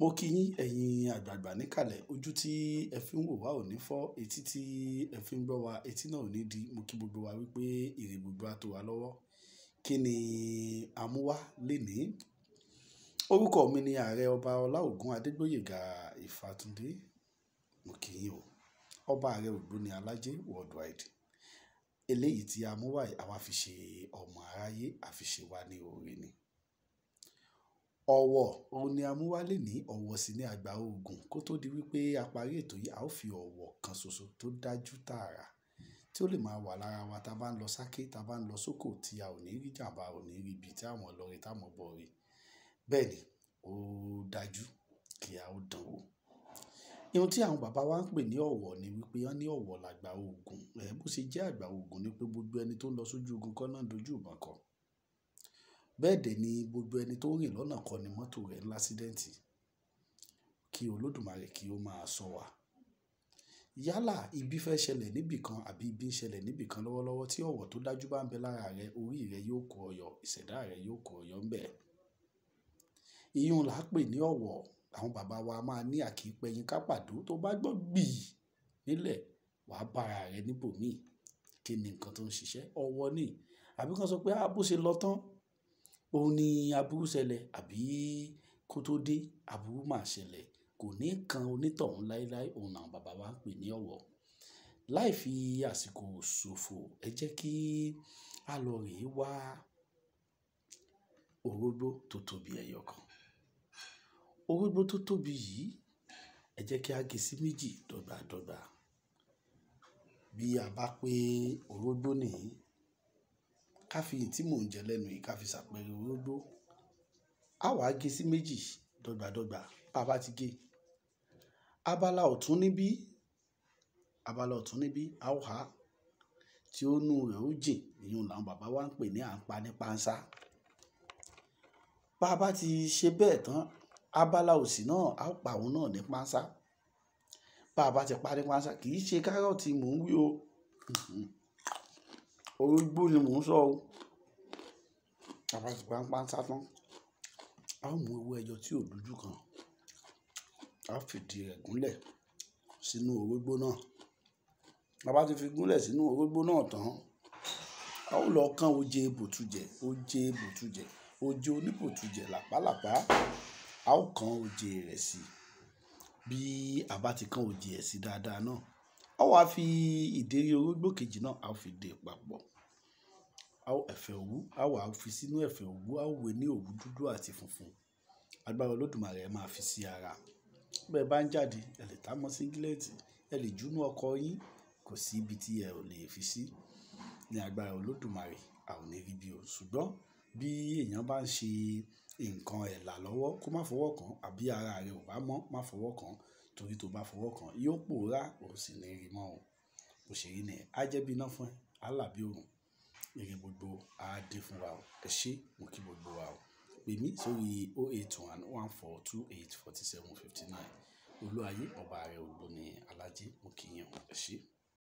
mo kí yín ẹ̀yin àgbààgbà níkàlẹ̀ ojú tí ẹ fi ń wò wá ò ní fọ́ etí tí ẹ fi ń gbọ́ wa etí náà ò ní di mo kí gbogbo wa wípé ire gbogbo á tó wa lọ́wọ́ kí ni amúwá lénìí orúkọ mi ni ààrẹ ọba ọláògùn adégbòyègà ìfàtúndé mo kí yín o ọba ààrẹ ni alájẹ worldwide eléyìí tí amúwá àwa fi ṣe ọmọ aráyé àfiṣe wa ní oore ni. Orini ọ̀wọ̀ òun ni a mú wá lè ní ọ̀wọ̀ sì ni àgbà oògùn kó tó di wípé a parí ètò yìí a ó fi ọ̀wọ̀ kan ṣoṣo tó dájú tààrà tí ó lè máa wà lára wa tá a bá ń lọ sáké tá a bá ń lọ sóko tí a ò ní rí jàmbá ò ní rí ibi tí àwọn ọlọ́rin táwọn bọ̀ rí bẹ́ẹ̀ ni ó dájú kí a ó dán wò ihun tí àwọn bàbá wa ń pè ní ọ̀wọ̀ ni wípé wọ́n ní ọ̀wọ̀ làgbà oògùn ẹ̀ bó ṣe jẹ́ àgbà oògùn ni pé gbogbo ẹni tó ń lọ sójú ogun kọ́ náà dojú ìbọn kọ́ Bẹ́ẹ̀ dẹ̀ ni gbogbo ẹni tó rìn lọ́nà kọ́ ni mọ́tò rẹ̀ ń lásídẹ́ǹtì. Kí Olódùmarè kí ó máa ṣọ́ wa. Yálà ibi fẹ́ ṣẹlẹ̀ níbi kan àbí ibi ń ṣẹlẹ̀ níbi kan lọ́wọ́lọ́wọ́ tí ọ̀wọ̀ tó dájú bá ń bẹ lára rẹ, orí rẹ yóò kó ọ yọ, ìṣẹ̀dá rẹ yóò kó ọ yọ ń bẹ. Iyùn là á pè ní ọ̀wọ̀. Àwọn bàbá wa máa ní àkìípẹ̀yìn ká pàdó. Tó bá gbọ́ gbìì nílẹ̀, wà á bá ara rẹ níbòmíì. Kí ni nǹkan tó ń ṣiṣẹ́? Ọ̀wọ̀ ni. Àbí kí wọ́n sọ pé, "Á bó ṣe lọ tán." òun ni aburú ṣẹlẹ̀ àbí kó tó dé aburú máa ṣẹlẹ̀ kò ní kan onítọ̀hún láéláé òun làwọn bàbá wa ń pè ní ọ̀wọ̀ láì fi àsìkò ṣòfò ẹ jẹ́ kí a lọ rèé wá orógbó tó tóbi ẹyọ kan orógbó tó tóbi yìí ẹ jẹ́ kí a gé e sí méjì dọ́gbadọ́gba bí a bá pé orógbó nìyí ká fi èyí tí mò ń jẹ lẹ́nu yìí ká fi ṣàpẹrẹ orógbó a wàá gé sí méjì dọ́gbadọ́gba bá a bá ti gé abala ọ̀tún níbí abala ọ̀tún níbí a ó há tí ó nú rẹ̀ ó jìn ìyún làwọn bàbá wa ń pè ní à ń pa ní pánsá bá a bá ti ṣe bẹ́ẹ̀ tán abala òsì náà a pa òun náà ní pánsá bá a bá ti pa ní pánsá kì í ṣe kárọ̀tì mò ń wí o orógbó ni mò ń sọ o. Tàbá ti pa páńpásá tán, a ó mú ewé ẹyọ tí ò dúdú kan, a fìdí rẹ̀ gúnlẹ̀ sínú orógbó náà. Tàbá ti fi gúnlẹ̀ sínú orógbó náà tán, a ó lọ kán oje bòtujẹ̀, oje bòtujẹ̀, oje oníbòtujẹ̀ làpálàpá. A ó kan oje rẹ̀ sí. Bí a bá ti kan oje ẹ̀ sí dáadáa náà a wá fi ìdérí orógbó kejì náà a fi dè papọ̀ ẹ̀fẹ̀ òwú a wá fi sínú ẹ̀fẹ̀ òwú a wé ní òwú dúdú àti funfun agbára olódùmarè ẹ máa fi sí ara bẹ́ẹ̀ bá ń jáde ẹ lè tá mọ́ síngílẹ́ẹ̀tì ẹ lè júnú ọkọ yín kò sí ibi tí ẹ ò lè fi sí ní agbára olódùmarè a ò ní rí bí o ṣùgbọ́n bí èèyàn bá ń ṣe nǹkan ẹ̀là lọ́wọ́ kó má fọwọ́ kàn àbí ara rẹ ò bá mọ́ má fọwọ́ kàn torí tó bá fọwọ́ kàn yóò pòórá ò sì ní rí mọ́ o bó ṣe rí nìyẹn á jẹ́ bí iná fún ẹ á là bí òrùn èrè gbogbo á dé fún wa o ẹ ṣé mo kí gbogbo wa o pè mí sórí oh eight one one four two eight forty seven fifty nine olúwayé ọba rẹ ògbóni alájí mo kì í yàn ẹ ṣé.